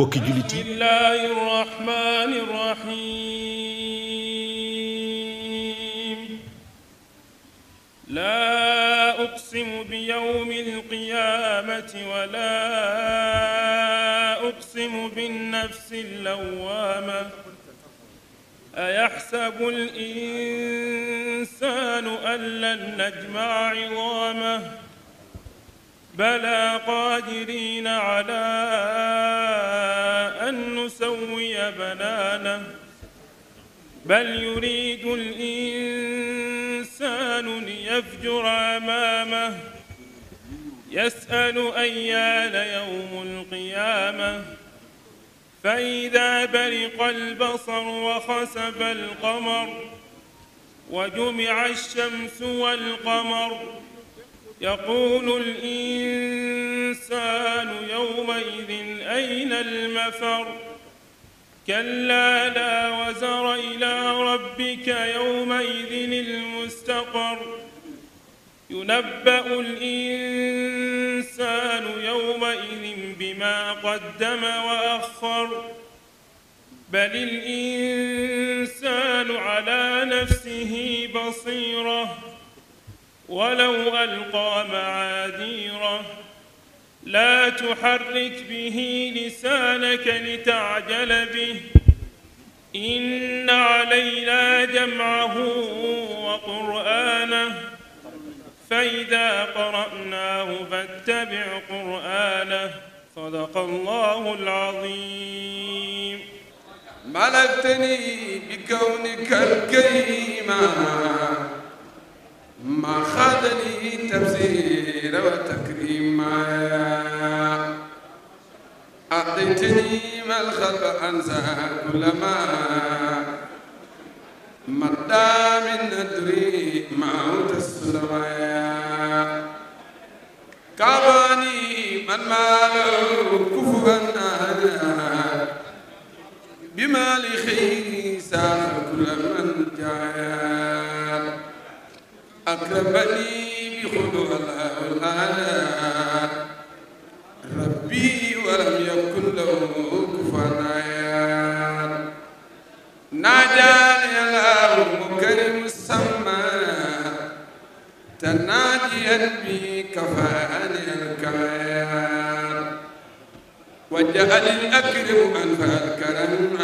bokki jullit yi bismillahi rahmani rahim laa uqsimu bi yawmi alqiyamati wa laa uqsimu bin nafsi lawwama أيحسب الإنسان أن لن نجمع عظامه بلى قادرين على أن نسوي بنانه بل يريد الإنسان ليفجر أمامه يسأل أيان يوم القيامة فإذا برق البصر وخسف القمر وجمع الشمس والقمر يقول الإنسان يومئذ أين المفر كلا لا وزر إلى ربك يومئذ المستقر ينبأ الإنسان يومئذ بما قدم وأخر بل الإنسان على نفسه بصيره ولو ألقى معاذيره لا تحرك به لسانك لتعجل به إن علينا جمعه وقرآنه فإذا قرأناه فاتبع قرآنه صدق الله العظيم ملكتني بكونك الكريم ما خاد لي تفسير وتكريما أعطيتني ما الخلق أنسى كلما مدى من ندري موت السلمايا كاباني من ماله كفوا أهدا بمال خير أكرمني بخلوها الله الآن ربي ولم يكن له كفوا عيان ناجاني الله مكرم السما تناجيا بي كفاني الكيان وجعل الأكرم أنفى الكرم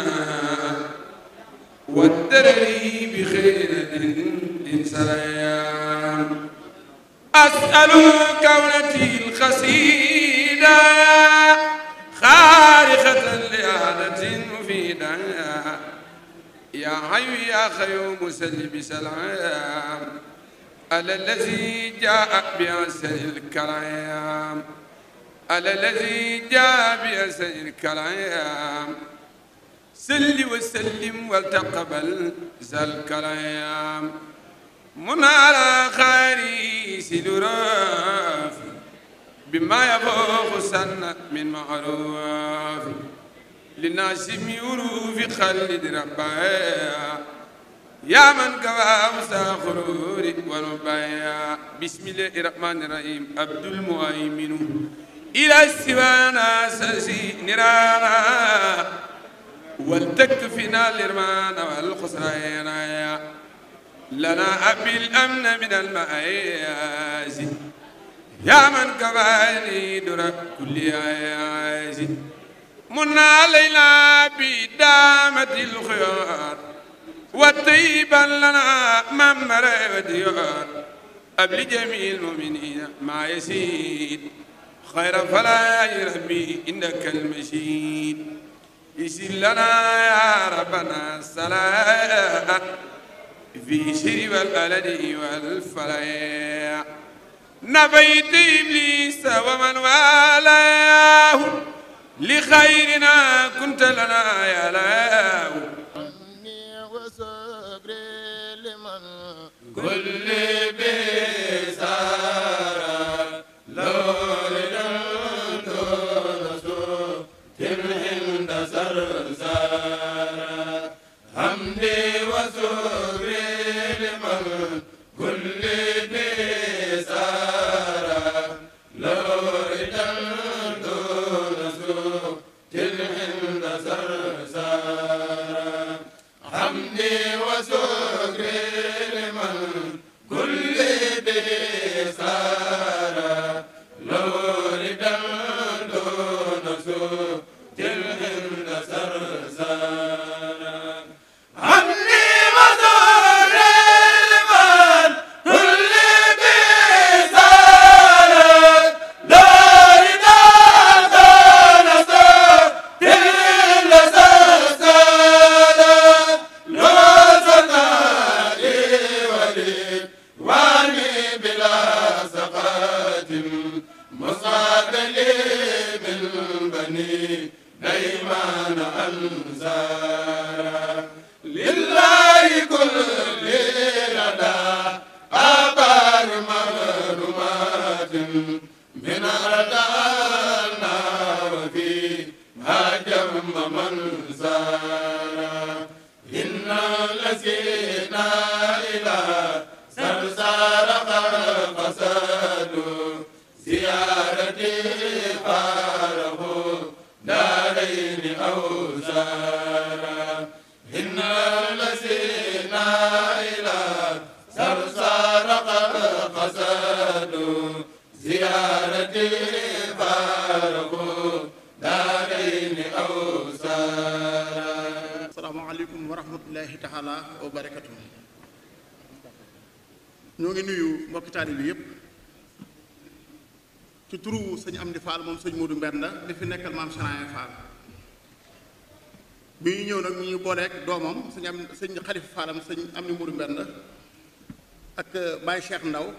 والدري بخير من سريان أسأل كونتي الخسيدة خارقة لآلة مفيدة يا حي يا خيوم سل بسلام على الذي جاء بأسر الكرام على الذي جاء بأسر الكرام سل وسلم وتقبل ذا الكرام من على خير سدراف بما يفوق سنة من معروف لناسم يروف خلد ربايا يا من كوى مساخرور ونبايا بسم الله الرحمن الرحيم عبد المؤمن إلى السوانا سسي نرانا والتكفنا الإرمان والخسرين لنا أبي الأمن من المآسي يا من كفاني در كل عياسي منا علينا بدامة الخيار وطيبا لنا ممر وديار قبل جميع المؤمنين ما يسيد خير فلا يا ربي إنك المشيد يسير لنا يا ربنا السلام في شر والبلد والفلايا نبيت إبليس ومن والاه لخيرنا كنت لنا يا لاه وصبري لمن كل بسارة لو لنتو نسو ma wa barakatuh ñoo ngi nuyu mbokki taalibe yi yëpp ci turu sëñ Amdi Fall moom sëñ Modou Mbenda di fi nekkal maam Chanaye Fall bi ñu ñëw nag ñu ngi booleeg doomam sëñ am sëñ Xalifa Fallam sëñ Amdi Modou ak euh, Baye Cheikh Ndaw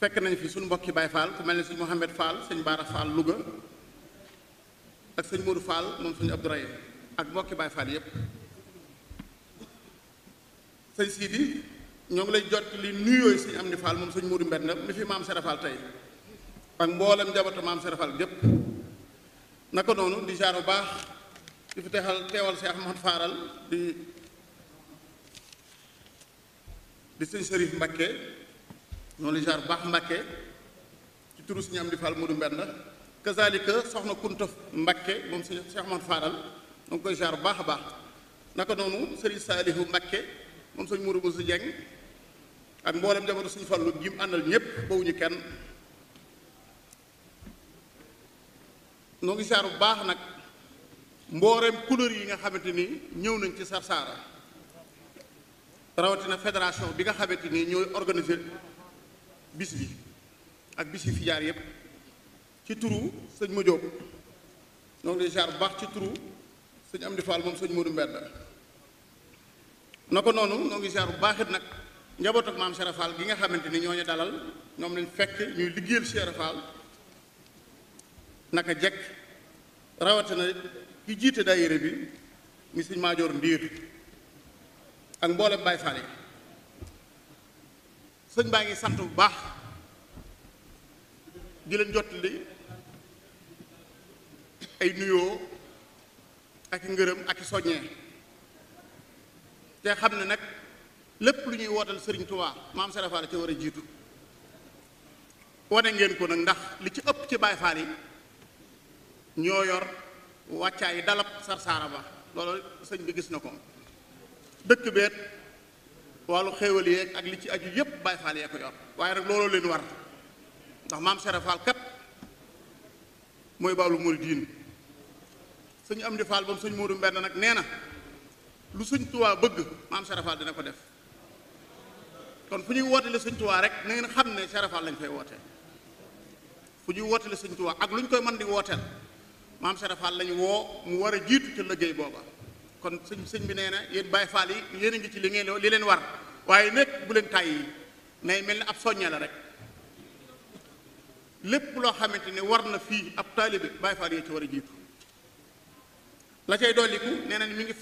fekk nañ fi suñu mbokki baay Fall mel ni sëñ Mouhamed Fall sëñ Baara Fall Louga ak sëñ Modou Fall moom sëñ Abdourahim ak mbokki Baye Fall yëpp sëñ Sidi ñoo lay jot li nuyooyu am Amdi Fall moom sëñ Modou mbenn mi fi maam Serap Fall tey ak mboolem njabootu maam Serap gépp naka noonu di jaar bu baax di fi texal teewal si Ahmad sëñ Sërif Mbakke ñoo ngi lay jaar bu baax Mbakke ci turu sëñ Amdi soxna Kunta Mbakke moom sëñ Ahmad Faaral ñoo ngi koy jaar bu baax a baax naka noonu sëriñ Saalihu Mbakke. kon sëñ Mourou Moussa Dieng ak mboolem jamono suñu Fallu gi mu àndal ñëpp ñu kenn moo ngi saar bu baax nag mbooreem couleur yi nga xamante ni ñëw nañ ci Sarsara rawatina fédération bi nga xamante ni ñooy organiser bis bi ak bis yi fi jaar yëpp ci turu sëñ Modou Diop noo ngi lay bu baax ci turu sëñ Amdi fal moom sëñ Modou Mbedd na ko noonu ñoo ngi ziar bu baax nag njaboot ak maam Cheikh gi nga xamante ni ñoo ñu dalal ñoom lañ fekk ñuy liggéeyal Cheikh Fall naka jekk rawatina ki jiite yére bi mi sëñ Maajoor Ndiir ak mboolem Baay Faal sëñ baa ngi sant bu baax di leen jottali ay nuyoo ak i ngërëm ak i soññee te xam ne nag lépp lu ñuy wootal sëriñ Touba maam Serigne Fall ca war a jiitu wane ngeen ko nag ndax li ci ëpp ci Baye Fall yi ñoo yor wàccaay dalab sarsaara ba loolu sëñ bi gis na ko dëkk beet wàllu xéewal yeeg ak li ci aju yépp Baye Fall yee ko yor waaye rek looloo leen war ndax maam Serigne Fall kat mooy baalu murid diin sëñ Amdi Fall bam sëñ Modou Mbenn nag nee na lu suñ Tuubaa bëgg maam Cheikh dina ko def kon fu ñuy wootele sëñ Tuubaa rek na ngeen xam ne Cheikh lañu koy fay woote fu ñuy wootele sëñ Tuubaa ak lu ñu koy man di wooteel maam Cheikh Fall woo mu war a jiitu ca liggéey booba kon sëñ sëñ bi nee na yéen Baay Faal yi yéen a ngi ci li ngeen li leen war waaye nekk bu leen tàyyi nay mel ni ab soññee la rek lépp loo xamante ne war na fii ab taalibe Baay Faal yi ci war a jiitu la cay dolliku nee na mi ngi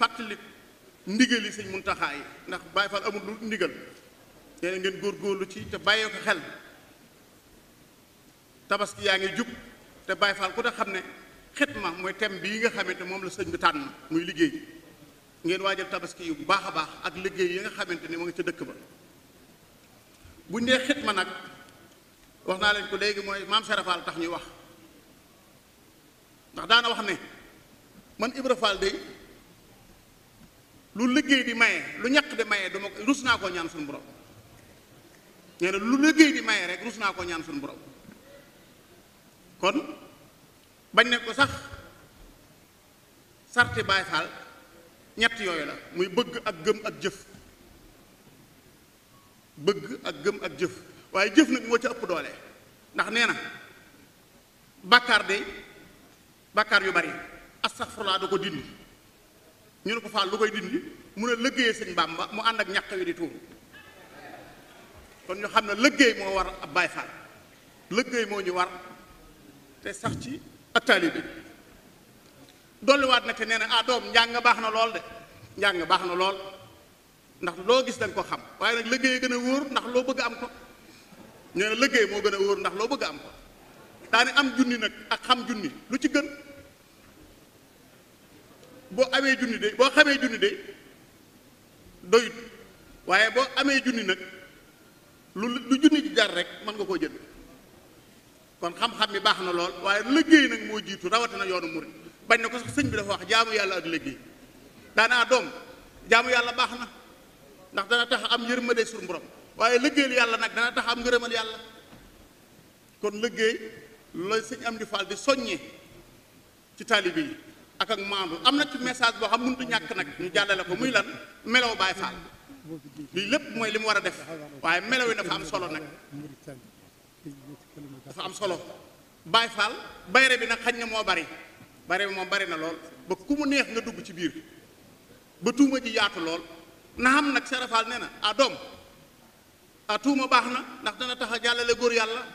yi sëñ mun taxaay ndax Baay Faal amul lu ndigal nee ngeen góor góorlu ci te bàyyee ko xel tabaski yaa ngi jub te Baay Faal ku ne xam ne xitma mooy bi yi nga xamante moom la sëñ bi tànn muy liggéey ngeen waajal tabaski yu baax a baax ak liggéey yi nga xamante ni mu ngi ca dëkk ba buñ dee ma nag wax naa leen ko léegi mooy maam Serafal tax ñuy wax ndax daana wax ne man Ibra Faal de lu liggéey di maye lu ñaq di maye duma rus naa koo ñaan suñu borom nee na lu liggéey di maye rek rus naa koo ñaan suñu borom kon bañ ne ko sax sarti Baay Faal ñett yooyu la muy bëgg ak gëm ak jëf bëgg ak gëm ak jëf waaye jëf nag moo ca ëpp doole ndax nee na bàkkaar de bàkkaar yu bari astaxfirullah da ko dindi ñu ne ko faal lu koy dindi mun a liggéeyee sëñ Bàmba mu ànd ak ñàkk wi di tuuru kon ñu xam ne liggéey moo war a baay faal liggéey moo ñu war te sax ci ak taalibe dolliwaat nag te nee na ah doom njàng baax na lool de njàng baax na lool ndax loo gis danga ko xam waaye nag liggéey gën a wóor ndax loo bëgg am ko ñu ne liggéey moo gën a wóor ndax loo bëgg am ko daane am junni nag ak xam junni lu ci gën boo amee junni de boo xamee junni de doyut waaye boo amee junni nag lu lu junni ji jar rek mën nga koo jën kon xam-xam mi baax na lool waaye liggéey nag moo jiitu rawatina yoonu murid bañ na ko sax sëñ bi dafa wax jaamu yàlla ak liggéey daanaa doom jaamu yàlla baax na ndax dana tax am de suñu borom waaye liggéeyal yàlla nag dana tax am ngërëmal yàlla kon liggéey loolu sëñ am di faal di soññee ci taalibe yi ak ak maandu am na ci message boo xam mënut ñàkk nag ñu jàllale ko muy lan melaw Baay Faal lii lépp mooy li mu war a def waaye melow yi dafa am solo nag dafa am solo Baay Faal bayre bi nag xañ na moo bari bayre moom bari na lool ba ku mu neex nga dugg ci biir ba tuuma ji yaatu lool na xam nag Sëriñ Faal nee na ah doom ah tuuma baax na ndax dana tax a jàllale góor yàlla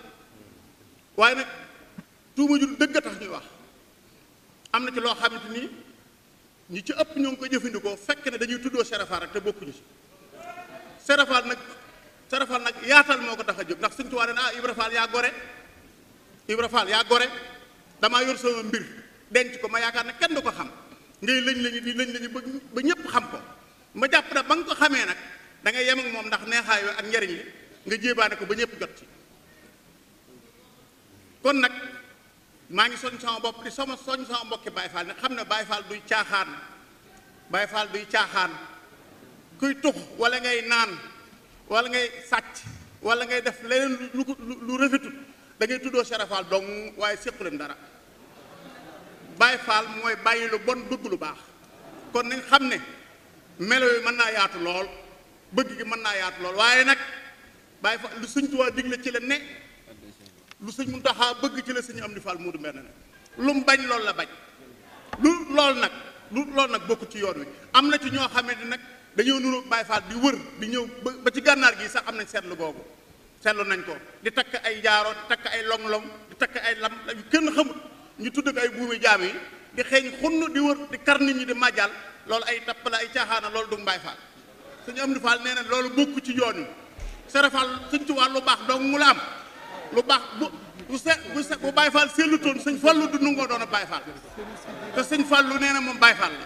waaye nag tuuma ju dëgg a tax ñuy wax am na ci loo xamante ni ñu ci ëpp ñoo ngi ko jëfandikoo fekk ne dañuy tuddoo serafal rek te bokkuñu ci serafal nag serafal nag yaatal moo ko tax a jóg ndax Sëñ Tuubaa ne ah Ibra Faal yaa gore Ibra yaa gore damaa yor soo mbir denc ko ma yaakaar ne kenn du ko xam ngay lëñ lañu di lëñ lañu ba ñëpp xam ko ma jàpp na ba nga ko xamee nag da ngay yem moom ndax neexaayoo ak njariñ li nga jéebaane ko ba ñëpp jot ci kon nag maa ngi soñ sama bopp di sama soñ sama mbokki Baye Fall ne xam ne Baye Fall duy caaxaan Baye Fall duy caaxaan kuy tux walla ngay naan wala ngay sàcc wala ngay def leneen lu lu rafetul da ngay tuddoo Cheikh Fall dong waaye séqu leen dara Baye Fall mooy bàyyi lu bon bëgg lu baax kon nañ xam ne melo yi mën naa yaatu lool bëgg gi mën naa yaatu lool waaye nag Baye Fall lu Sëñ Tuubaa digle ci la ne lu sëñ Muntaxa bëgg ci la sëñ Amdi Fall mu du ne lu mu bañ loolu la bañ lu loolu nag lu loolu nag bokk ci yoon wi am na ci ñoo xamante nag dañoo nuru Baay Faal di wër di ñëw ba ci gànnaar gi sax am nañ seetlu boobu seetlu nañ ko di takk ay jaaro di takk ay long-long di takk ay lam yu kenn xamut ñu tudd ak ay buumi jaam yi di xeeñ xunn di wër di kar nit ñi di màjjal loolu ay tapp ay caaxaana loolu du Baay Faal am Amdi Fall nee na loolu bokk ci yoon wi serafal sëñ Tuubaa lu baax dong mu la am lu baax bu bu se bu se bu Baye Fall sellutoon sëñ Fallu du doon a Baye Fall te sëñ Fallu nee na moom Baye Fall la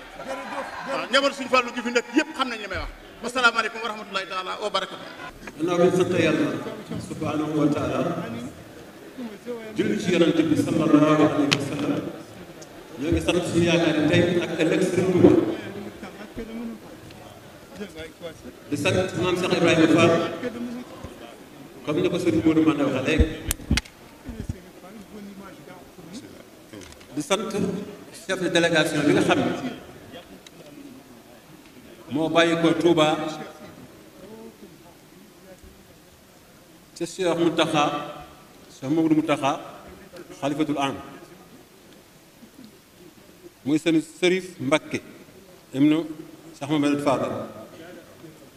waaw njaboot sëñ Fallu gi fi nekk xam nañ li may wax wasalaamaaleykum wa rahmatulahi taala wa barakatu gannaaw bi sant yàlla subhanahu wa taala julli ci yonante bi sallallahu di sant comme ni ko sëriñ Modou Manda waxee léegi di sant chef de délégation bi nga xam ne moo bàyyi ko Touba ca Cheikh Mountakha Cheikh Mamadou Mountakha xalifatul am muy seen Sërif Mbakke am na Cheikh Mamadou Fadal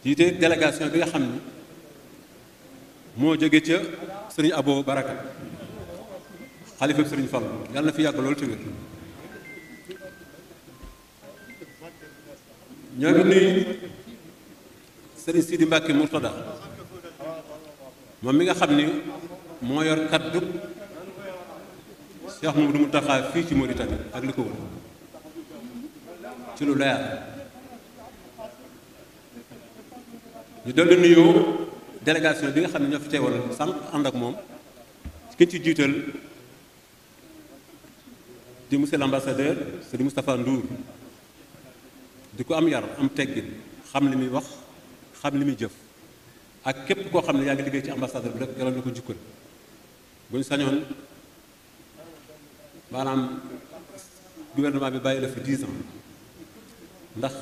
jiite délégation bi nga xam ne moo jóge ca sëriñ Abo Baraka xalifa sëriñ Fall yàlla na fi yàgg loolu ci wér ñoo ngi nuyu sëriñ Sidi Mbacke Murtada moom mi nga xam ni moo yor kaddu Cheikh Mamadou Mountakha fii ci Mauritanie ak li ko ci lu leer ñu daldi nuyoo délégation bi nga xam ne ñoo fi teewal sànq ànd ak moom ki ci jiital di monsieur l'ambassadeur Serigne Moustapha Ndour di ko am yar am teggin xam li muy wax xam li muy jëf ak képp koo xam ne yaa ngi liggéey ci ambassadeur bi rek yàlla na ko jukkal bu ñu sañoon maanaam gouvernement bi bàyyi la fi 10 ans ndax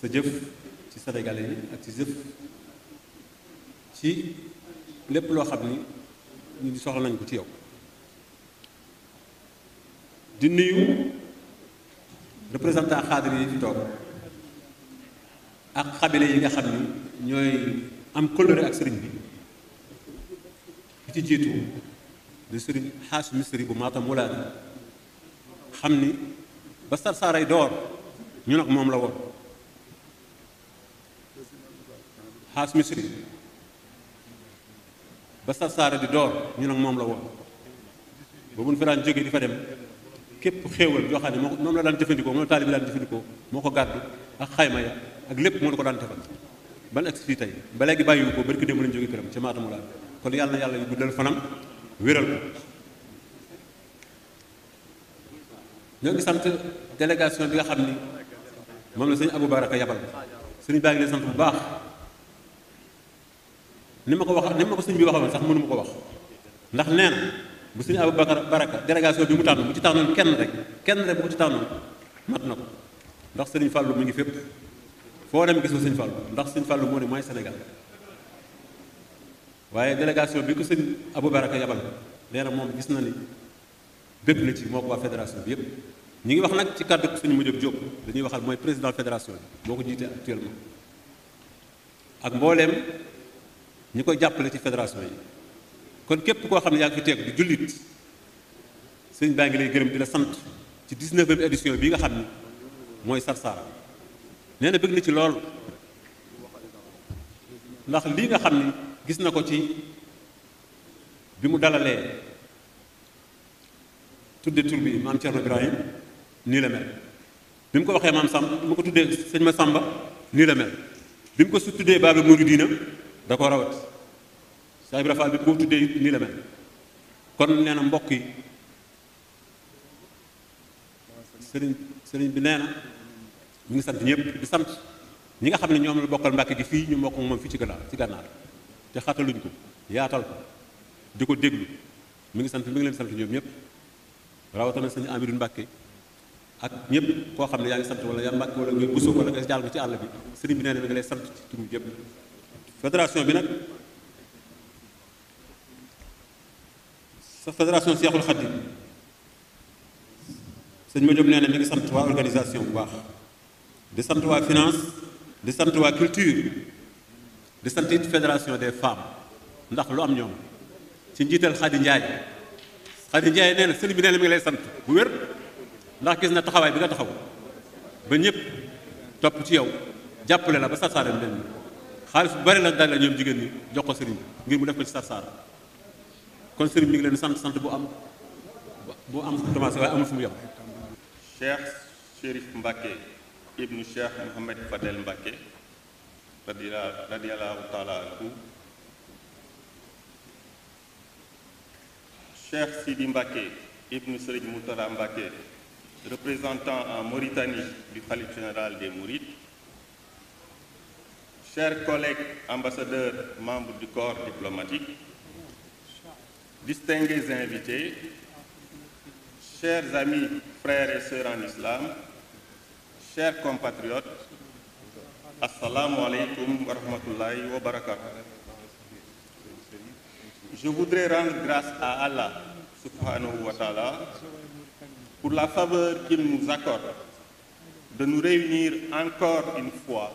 sa jëf ci Sénégalais yi ak ci jëf ci lépp loo xam ni ñu soxla nañ ko ci yow di nuyu représentant xaadir yi fi toog ak xabile yi nga xam ni ñooy am kóllëre ak sëriñ bi bi ci jiitu di sëriñ xaas misri bu maatam wulaati xam ni ba sarsaaray door ñu nag moom la woon xaas misri ba Sarsara di door ñu nag moom la woon ba bu ñu fa daan jógee di fa dem képp xéewal yoo moo moom la daan jëfandikoo moom la taalibe daan jëfandikoo moo ko gàddu ak xayma ya ak lépp moo nu ko daan defal ban agsi fii tey ba léegi bàyyiwu ko barki démb lañu jógee këram ca Matam la kon yàlla yàlla yu guddal fanam wéral ko ñoo ngi sant délégation bi nga xam ni moom la sëñ Abou Baraka yabal sëñ baa leen sant bu baax ni ma ko wax ni ma ko sëñ bi waxoon sax mënu ma ko wax ndax nee na bu sëñ Aboubacar Baraka délégation bi mu tànn bu ci tànnoon kenn rek kenn rek bu ko ci tànn mat na ko ndax sëñ Fallou mu ngi fépp foo dem gis sëñ Fallou ndax sëñ Fallou moo ne mooy Sénégal waaye délégation bi ko sëñ Aboubacar yabal nee na moom gis na ni bépp na ci moo ko waa fédération bi yëpp ñu ngi wax nag ci kàddu suñu mujjub Diop dañuy waxal mooy président fédération bi moo ko jiitee actuellement ak mbooleem ñu koy jàppale ci fédération yi kon képp koo xam ne yàgg ngi fi teeku di jullit sëñ baa ngi lay gërëm di la sant ci 19e édition bi nga xam ne mooy Sarsara nee na bëgg na ci lool ndax lii nga xam ne gis na ko ci bi mu dalalee tudde tur bi maam Thierno Ibrahim nii la mel bi mu ko waxee maam Samba bi mu ko tuddee sëñ ma sàmba nii la mel bi mu ko su tuddee Baabul Muridiina da ko rawat Cheikh Ibra Fall bi ko tuddee it nii la mel kon nee na mbokk yi sëriñ sëriñ bi nee na ngi sant ñëpp di sant ñi nga xam ne ñoom la bokkal mbakk gi fii ñu mbokk moom fii ci gannaaw ci gànnaar te xataluñ ko yaatal ko di ko déglu mi ngi sant mu ngi leen sant ñoom ñëpp rawatina sëñ Amidou Mbàkke ak ñëpp koo xam ne yaa ngi sant wala yaa Mbàkke wala ngay busoo wala nga jaar ko ci àll bi sëriñ bi nee na mi lay sant ci turu yëpp fédération bi nag sa fédération Seexul Xadiim sëñ ma Jóob nee na ngi sant waa organisation bu baax di sant waa finance di sant waa culture di sant it fédération des femmes ndax lu am ñoom ci njiital Xadi Njaay Xadi Njaay nee na sëñ bi nee na mi ngi lay sant bu wér ndax gis na taxawaay bi nga taxaw ba ñëpp topp ci yow jàppale la ba sasaarem leen xaalis bu bari nag daal la ñoom jigéen ñi jox ko bi ngir mu def ko ci sarsaara kon sëriñ bi ngi leen sant sant bu am bu am commencé waaye amul fu mu yem cheikh chérif mbàkke ibnu cheikh mohammed fadel mbàkke radiallahu taala anhu cheikh sidi mbàkke ibnu sëriñ moutala mbàkke représentant en mauritanie du khalife général des mourides chers collègues ambassadeurs membres du corps diplomatique, distingués invités, chers amis, frères et sœurs en islam, chers compatriotes, assalamu alaikum wa Je voudrais rendre grâce à Allah subhanahu wa pour la faveur qu'il nous accorde de nous réunir encore une fois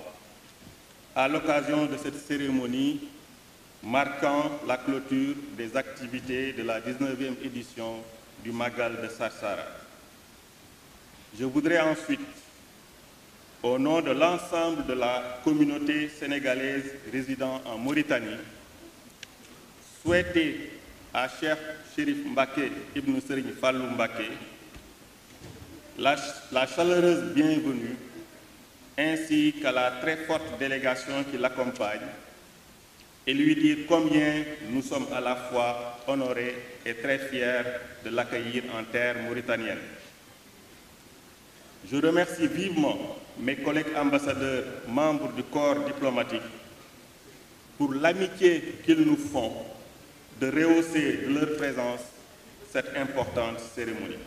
à l'occasion de cette cérémonie marquant la clôture des activités de la 19e édition du Magal de Sarsara. Je voudrais ensuite, au nom de l'ensemble de la communauté sénégalaise résidant en Mauritanie, souhaiter à Cheikh Chérif Mbake Ibn Serigne Fallou Mbake la, la chaleureuse bienvenue ainsi qu'à la très forte délégation qui l'accompagne et lui dire combien nous sommes à la fois honorés et très fiers de l'accueillir en terre mauritanienne. Je remercie vivement mes collègues ambassadeurs, membres du corps diplomatique, pour l'amitié qu'ils nous font de rehausser de leur présence cette importante cérémonie.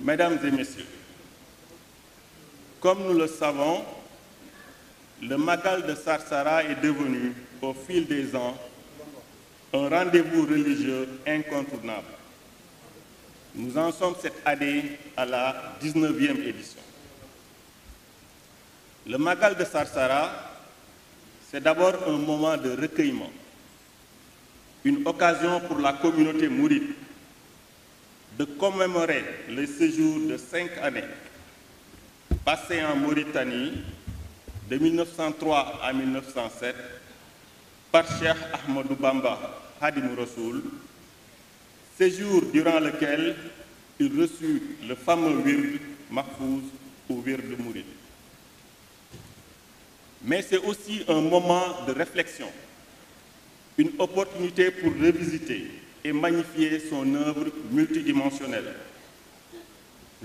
Mesdames et Messieurs, Comme nous le savons, le Magal de Sarsara est devenu, au fil des ans, un rendez-vous religieux incontournable. Nous en sommes cette année à la 19e édition. Le Magal de Sarsara, c'est d'abord un moment de recueillement, une occasion pour la communauté mouride de commémorer le séjour de cinq années passé en Mauritanie de 1903 à 1907 par Cheikh Ahmadou Bamba Hadim Rasoul, séjour durant lequel il reçut le fameux wird Mahfouz ou wird Mourid. Mais c'est aussi un moment de réflexion, une opportunité pour revisiter et magnifier son œuvre multidimensionnelle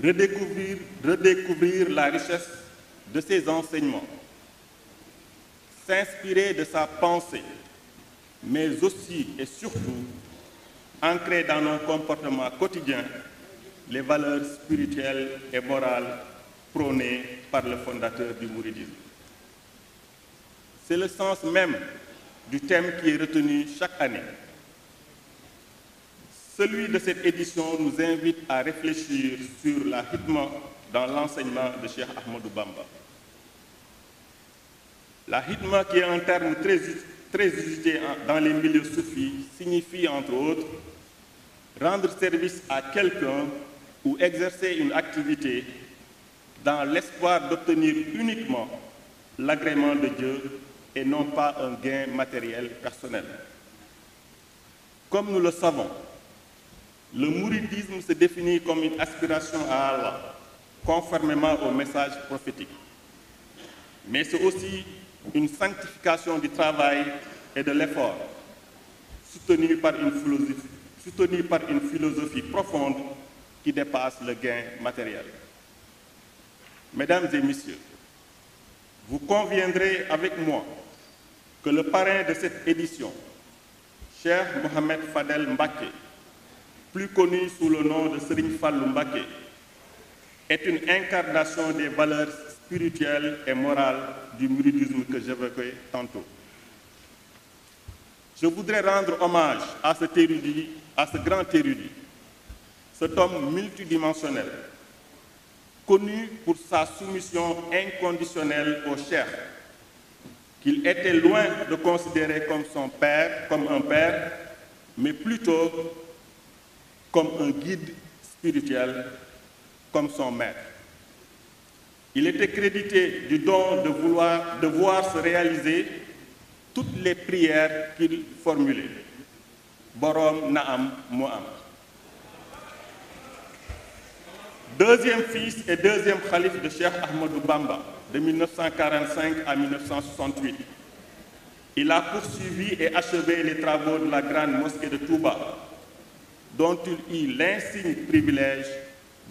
redécouvrir, redécouvrir la richesse de ses enseignements, s'inspirer de sa pensée, mais aussi et surtout ancrer dans nos comportements quotidiens les valeurs spirituelles et morales prônées par le fondateur du mouridisme. C'est le sens même du thème qui est retenu chaque année Celui de cette édition nous invite à réfléchir sur la hitma dans l'enseignement de Cheikh Ahmadou Bamba. La hitma, qui est un terme très, très dans les milieux soufis, signifie entre autres rendre service à quelqu'un ou exercer une activité dans l'espoir d'obtenir uniquement l'agrément de Dieu et non pas un gain matériel personnel. Comme nous le savons, Le mouridisme se définit comme une aspiration à Allah, conformément au message prophétique. Mais c'est aussi une sanctification du travail et de l'effort, soutenue par une philosophie, par une philosophie profonde qui dépasse le gain matériel. Mesdames et messieurs, vous conviendrez avec moi que le parrain de cette édition, cher Mohamed Fadel Mbake, plus connu sous le nom de Serigne Fallou est une incarnation des valeurs spirituelles et morales du mouridisme que j'évoquais tantôt. Je voudrais rendre hommage à cet érudit, à ce grand érudit, cet homme multidimensionnel, connu pour sa soumission inconditionnelle au chef, qu'il était loin de considérer comme son père, comme un père, mais plutôt comme un guide spirituel, comme son maître. Il était crédité du don de, vouloir, voir se réaliser toutes les prières qu'il formulait. Borom Naam Moam. Deuxième fils et deuxième calife de Cheikh Ahmadou Bamba, de 1945 à 1968. Il a poursuivi et achevé les travaux de la grande mosquée de Touba dont il eut l'insigne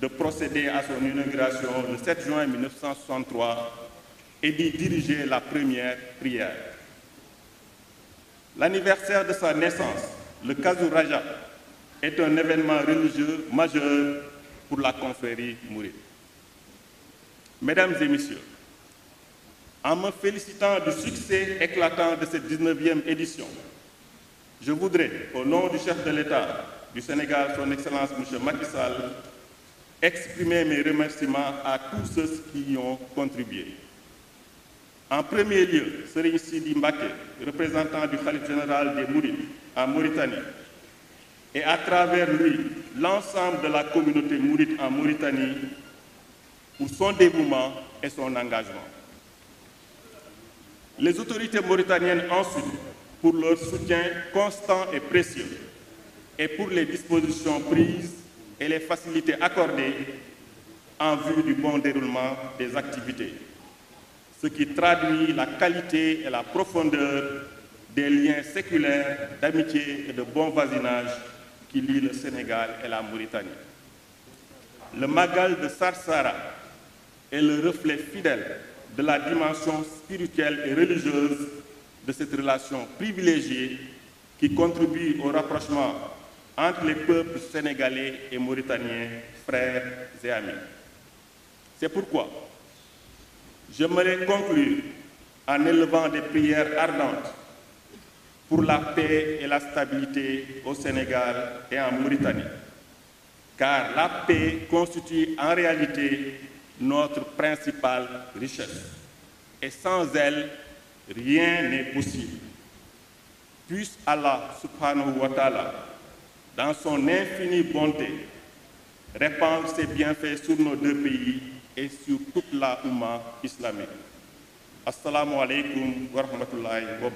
de procéder à son inauguration le 7 juin 1963 et d'y la première prière. L'anniversaire de sa naissance, le Kazu Raja, est un événement religieux pour la confrérie mouride. Mesdames et messieurs, en me félicitant du succès éclatant de cette 19e édition, je voudrais, au nom du chef de l'État, du Sénégal, son Excellence M. Macky Sall, exprimer mes remerciements à tous ceux qui y ont contribué. En premier lieu, Serigne Sidi Mbake, représentant du Khalif général des Mourides en Mauritanie, et à travers lui, l'ensemble de la communauté mouride en Mauritanie pour son dévouement et son engagement. Les autorités mauritaniennes ensuite pour leur soutien constant et précieux et pour les dispositions prises et les facilités accordées en vue du bon déroulement des activités, ce qui traduit la qualité et la profondeur des liens séculaires d'amitié et de bon voisinage qui lient le Sénégal et la Mauritanie. Le Magal de Sarsara est le reflet fidèle de la dimension spirituelle et religieuse de cette relation privilégiée qui contribue au rapprochement entre les peuples sénégalais et mauritaniens, frères et amis. C'est pourquoi j'aimerais conclure en élevant des prières ardentes pour la paix et la stabilité au Sénégal et en Mauritanie, car la paix constitue en réalité notre principale richesse. Et sans elle, rien n'est possible. Puisse subhanahu wa dans son infinie bonté, répand ses bienfaits sur nos deux pays et sur toute la Oumma islamique. Assalamu alaikum wa rahmatullahi wa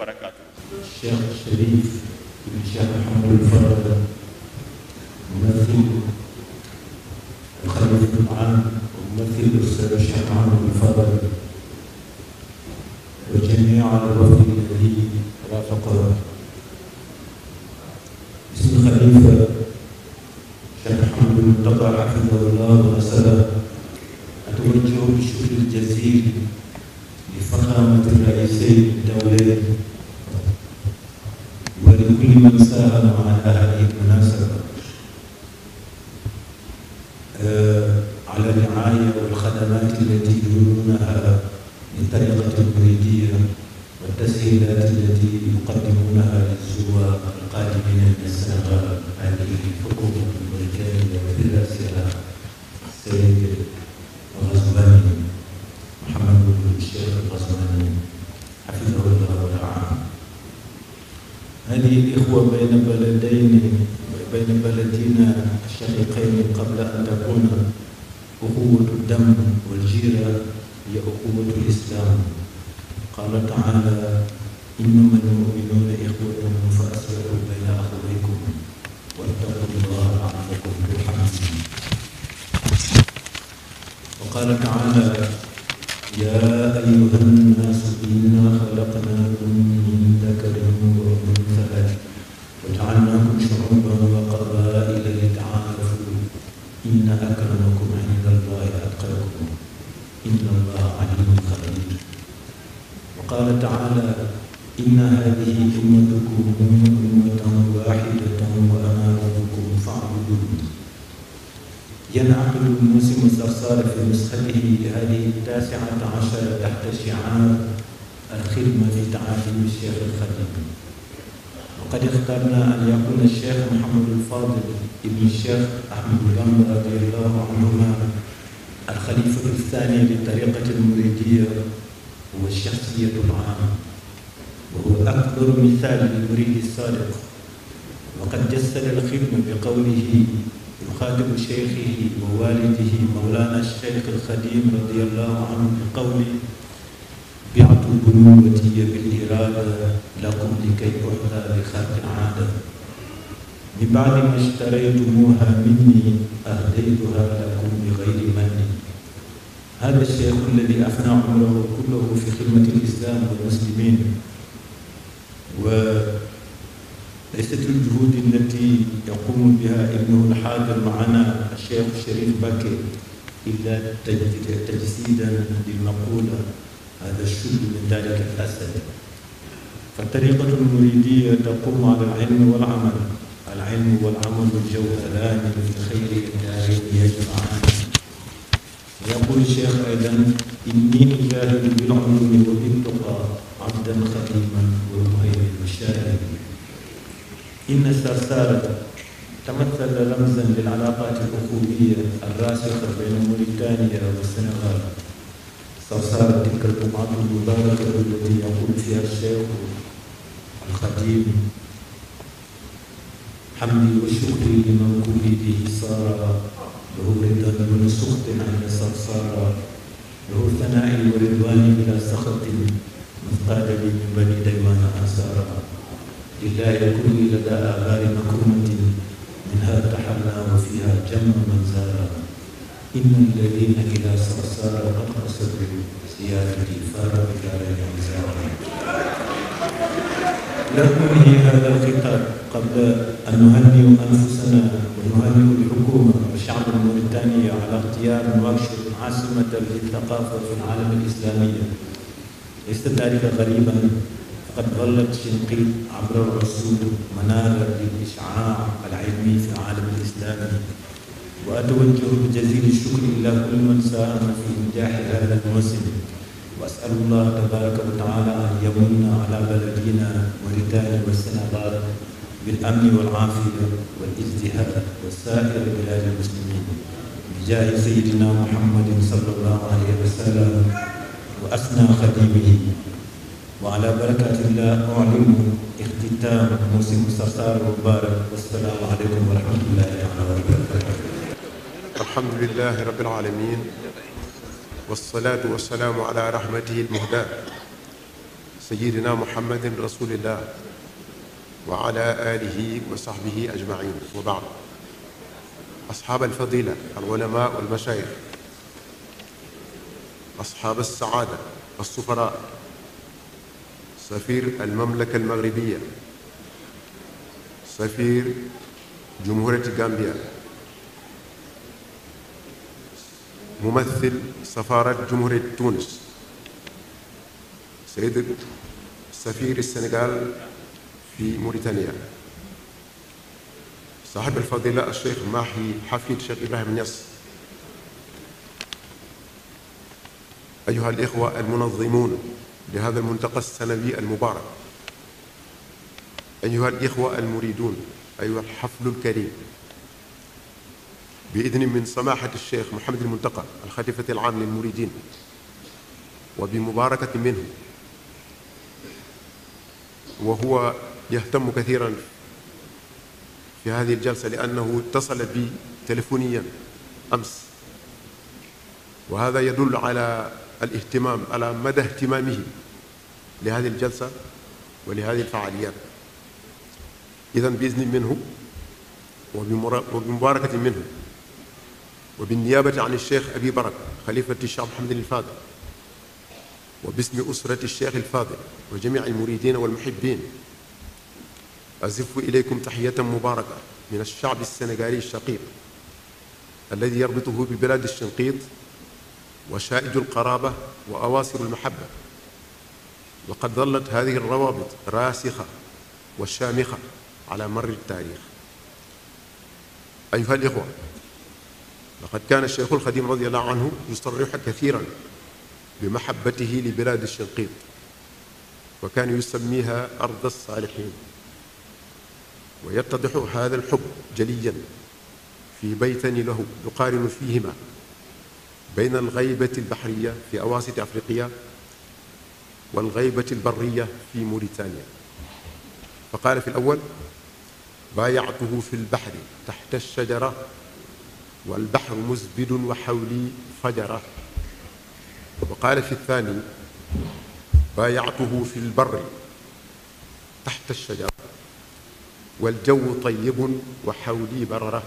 قال تعالى يا أيها الناس ibnu cheikh ahmadu bamba radiallahu anhuma alxalifatu thani li tariqati almuridiya wa shaxsiyatu laama wa huwa akbaru mithaal lilmuridi sadiq waqad jassada alxidma bi qawlihi yuxaatibu cheikhihi wa waalidihi mawlaana cheikh alxadim radiallahu anhu bi qawli biatu bunuwatiya bilirada lakum likay uxda bi xarqi aada min ba'di ma ishtaraytumuuha minni ahdaytuhaa lakum bi ghayri manni haadaa ash-shaykhu alladhii afnaa umrahu kullahu fi xidmati al-islaam wal-muslimiin wa laysat al-juhuud allatii yaquumu bihaa ibnuhu al-haadar ma'anaa ash-shaykh Shariif Mbacké illaa tajsiidan lil-maquula haadaa ash-shubhu min dhaalika al-asad fa-t-tariiqatu al-muriidiyya taquumu alaa al-'ilmi wal-'amal العلم والعمل الجوهران للخير الدارين يجمعان يقول الشيخ أيضا إني مجاهد بالعلوم وبالتقى عبدا خديما والمهيمن والشاهد إن الثرثارة تمثل رمزا للعلاقات الأخوية الراسخة بين موريتانيا والسنغال صرصار تلك البقعة المباركة التي يقول فيها الشيخ الخديم حمدي وشكري لمن كل به صار له رضا دون سخط عن صرصار له ثنائي ورضواني بلا سخط مفتاح لي من بني ديوان انصارا لله يكون لدى ابار مكرمه منها تحلى وفيها جم من زارا ان الذين الى صرصار قد قصدوا زيارتي فار بدار وزارا لهم هذا الخطاب قبل أن نهنئ أنفسنا ونهنئ الحكومة والشعب الموريتاني على اختيار نواكشوط عاصمة للثقافة في العالم الإسلامي ليس ذلك غريبا فقد ظلت شنقيط عبر العصور منارا للإشعاع العلمي في العالم الإسلامي وأتوجه بجزيل الشكر إلى كل من ساهم في نجاح هذا الموسم وأسأل الله تبارك وتعالى أن يمن على بلدنا موريتانيا والسنغال بالأمن والعافية والازدهار وسائر بلاد المسلمين بجاه سيدنا محمد صلى الله عليه وسلم وأثنى خديمه وعلى بركات الله أعلم اختتام موسم صرصار مبارك والسلام عليكم ورحمة الله تعالى وبركاته الحمد لله رب العالمين والصلاة والسلام على رحمته المهداة سيدنا محمد رسول الله wa ala alihi wa sahbihi ajmain wa baad asxaab alfadila alulama walmasaayix asxaab alsaada alsufara safir almamlaka almaghribiya safir jumhuriyati Gambia ممثل سفارة جمهورية تونس سيد سفير السنغال في موريتانيا صاحب الفضيلة الشيخ ماحي حفيد شيخ إبراهيم نياس أيها الإخوة المنظمون لهذا الملتقى السنوي المبارك أيها الإخوة المريدون أيها الحفل الكريم بإذن من سماحة الشيخ محمد المنتقى الخليفة العام للمريدين وبمباركة منه وهو يهتم كثيرا في هذه الجلسة لأنه اتصل بي تلفونيا أمس وهذا يدل على الاهتمام على مدى اهتمامه لهذه الجلسة ولهذه الفعاليات إذا بإذن منه وبمباركة منه وبالنيابة عن الشيخ أبي برك خليفة الشيخ محمد الفاضل وباسم أسرة الشيخ الفاضل وجميع المريدين والمحبين أزف إليكم تحية مباركة من الشعب السنغالي الشقيق الذي يربطه ببلاد الشنقيط وشائج القرابة وأواصر المحبة وقد ظلت هذه الروابط راسخة والشامخة على مر التاريخ أيها الإخوة لقد كان الشيخ الخديم رضي الله عنه يصرح كثيرا بمحبته لبلاد الشنقيط وكان يسميها أرض الصالحين wa yattadixu hada alxub jaliyan fi baytani lahu yuqaarinu fihima bayna algaybati albaxriya fi awaasiti afriqiya والغيبة البرية في موريتانيا فقال في الأول بايعته في البحر تحت الشجرة والبحر مزبد وحولي فجرة وقال في الثاني بايعته في البر تحت الشجرة والجو طيب وحولي بررة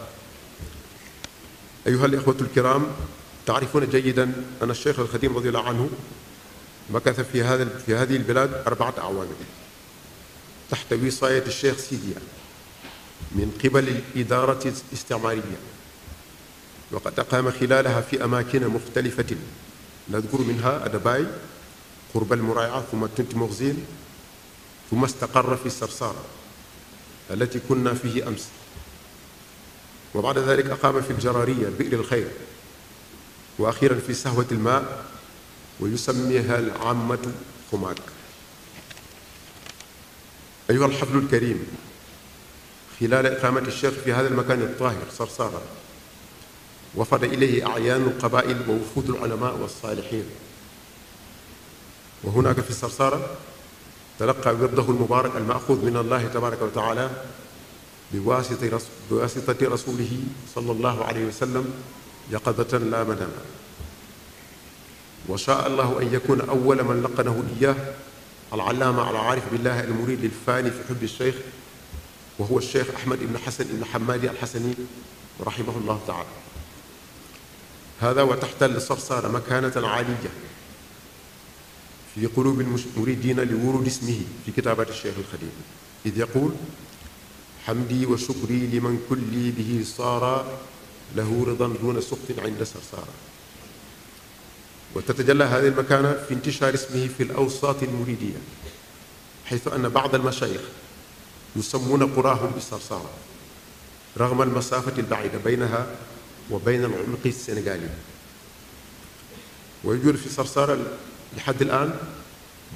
أيها الإخوة الكرام تعرفون جيدا أن الشيخ الخديم رضي الله عنه مكث في هذا في هذه البلاد أربعة أعوام تحت وصاية الشيخ سيديا من قبل الإدارة الاستعمارية وقد أقام خلالها في أماكن مختلفة نذكر منها أدباي قرب المرايعة ثم تنت مغزين ثم استقر في السرسارة allati kunna fihi ams wa bada dalika aqaama fi ljarariya bi'r alxayr wa axiran fi sahwati alma wa yusammiha alaamatu xumaak أيها الحفل الكريم خلال إقامة الشيخ في هذا المكان الطاهر صرصارا وفد إليه أعيان القبائل ووفود العلماء والصالحين وهناك في الصرصارة تلقى ورده المبارك المأخوذ من الله تبارك وتعالى بواسطة بواسطة رسوله صلى الله عليه وسلم يقظة لا منام وشاء الله أن يكون أول من لقنه إياه العلامة العارف بالله المريد للفاني في حب الشيخ وهو الشيخ أحمد بن حسن بن حمادي الحسني رحمه الله تعالى هذا وتحتل الصرصار مكانة عالية fi qulubi muridina li wurudi ismihi fi kitaabati cheikh alxadim id yaqul xamdi wa shukri liman kulli bihi saara lahu ridan duna suxtin inda sarsaara وتتجلى هذه المكانة في انتشار اسمه في الأوساط المريدية حيث أن بعض المشايخ يسمون قراهم بصرصارة رغم المسافة البعيدة بينها وبين العمق السنغالي ويوجد في صرصارة لحد الآن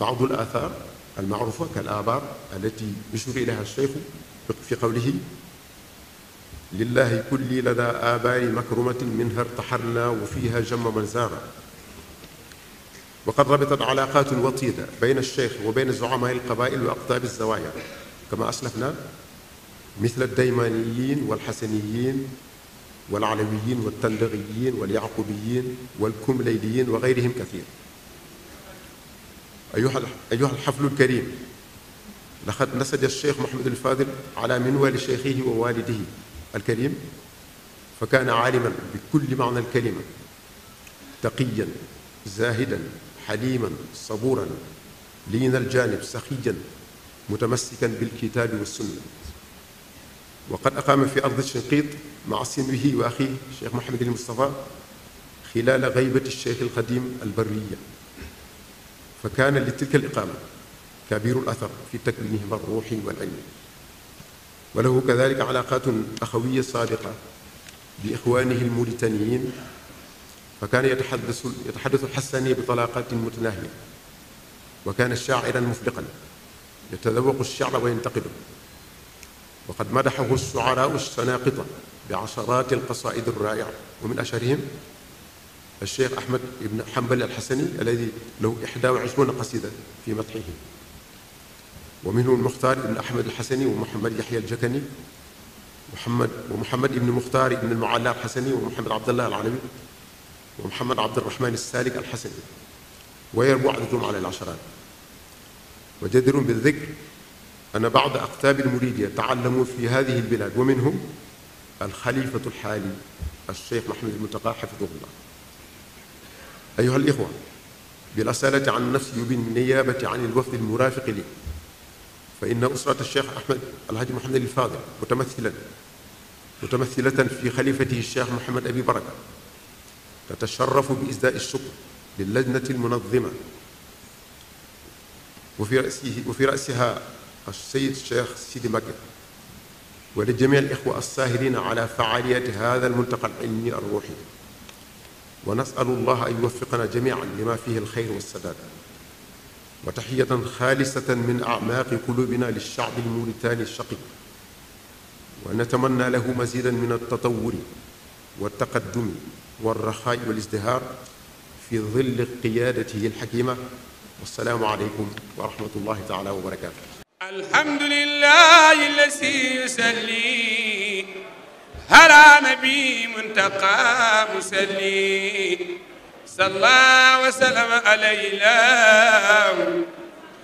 بعض الآثار المعروفة كالآبار التي يشير إليها الشيخ في قوله لله كل لدى آباء مكرمة منها ارتحلنا وفيها جم من زار وقد ربطت علاقات وطيدة بين الشيخ وبين زعماء القبائل وأقطاب الزوايا كما أسلفنا مثل الديمانيين والحسنيين والعلويين والتندغيين واليعقوبيين والكمليديين وغيرهم كثير أيها أيها الحفل الكريم لقد نسج الشيخ محمد الفاضل على منوال شيخه ووالده الكريم فكان عالما بكل معنى الكلمة تقيا زاهدا حليما صبورا لين الجانب سخيا متمسكا بالكتاب والسنة وقد أقام في أرض الشنقيط مع سنه وأخيه الشيخ محمد المصطفى خلال غيبة الشيخ القديم البرية fa kaana li tilka al iqaama kabiru l athar fi taklimihim arruuxi wal ilmi wa lahu kadalika alaqatun axawiya saadiqa bi ixwaanihi almuritaniyin fa kaana yataxaddasu yataxaddasu alxassani bi talaqatin mutanaahiya wa kaana shaaciran mufliqan yatadawaqu alshacra wa yantaqidu وقد مدحه الشعراء السناقطة بعشرات القصائد الرائعة ومن أشهرهم الشيخ أحمد بن حنبل الحسني الذي له 21 قصيدة في مدحه ومنهم المختار بن أحمد الحسني ومحمد يحيى الجكني محمد ومحمد بن مختار بن المعلى الحسني ومحمد عبد الله العلوي ومحمد عبد الرحمن السالك الحسني ويربو عددهم على العشرات وجدر بالذكر أن بعض أقطاب المريدية تعلموا في هذه البلاد ومنهم الخليفة الحالي الشيخ محمد المتقى حفظه الله أيها الإخوة بالأصالة عن نفسي وبالنيابة عن الوفد المرافق لي فإن أسرة الشيخ أحمد الحاج محمد الفاضل متمثلا متمثلة في خليفته الشيخ محمد أبي بركة تتشرف بإسداء الشكر للجنة المنظمة وفي رأسه وفي رأسها السيد الشيخ سيدي مكة ولجميع الإخوة الساهرين على فعاليات هذا الملتقى العلمي الروحي wa nasalu allah an yuwaffiqana jamian lima fihi alxeyr walsadaad wa taxiyatan xaalisatan min acmaaqi qulubina lilshacbi almuritaani alshaqi wa natamanna lahu mazidan min altatawuri waltaqaddumi walraxaai walizdihaar fi dilli qiyaadatihi alxakima wassalaamu aleykum wa rahmatullahi taala wa barakaatu alhamdulilah alladi yusalli هرام بي منتقى مسلي صلى وسلم عليه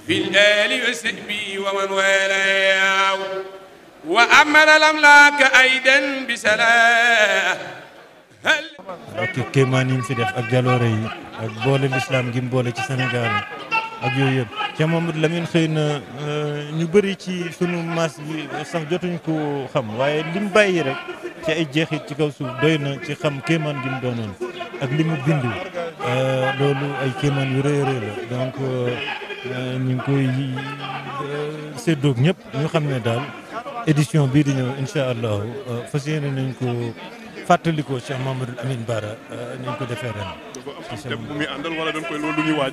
في الآل وسحبي ومن والاه وأمر الأملاك أيضا بسلاه ak kéemaan yi ñu fi def ak jaloore yi ak bool lislaam gi mu boole ci Sénégal ak yooyu Cheikh Mamadou Lamine xëy na euh, ñu bëri ci sunu maas bi sax jotuñ ko xam waaye li mu bàyyi rek ci ay jeexit ci kaw suuf doy na ci xam kéemaan gi mu doonoon ak li mu bind euh, loolu ay kéemaan yu rëy rëy la donc euh, ñu ngi koy séddoog ñëpp ñu xam ne daal édition bii di ñëw incha allahu fas yéene nañ ko fàttalikoo Cheikh Mamadou Lamine Bara nañ ko defee ren. dafa am am thème bu muy àndal wala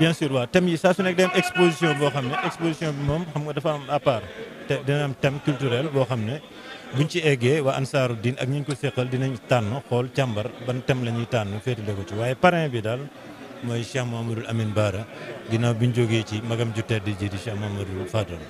bien sûr waaw thème yi saa su nekk day exposition boo xam ne exposition bi moom xam nga dafa am à part te dina am thème culturel boo xam ne buñ ci eggee waa ansaaru diin ak ñu ñu ko seqal dinañ tànn xool càmbar ban thème la ñuy tànn de ko ci waaye parrain bi daal mooy Cheikh Mouhamadoul Amine baara ginnaaw bi ñu jógee ci magam ju tedd ji di Cheikh Mouhamadoul Fadal.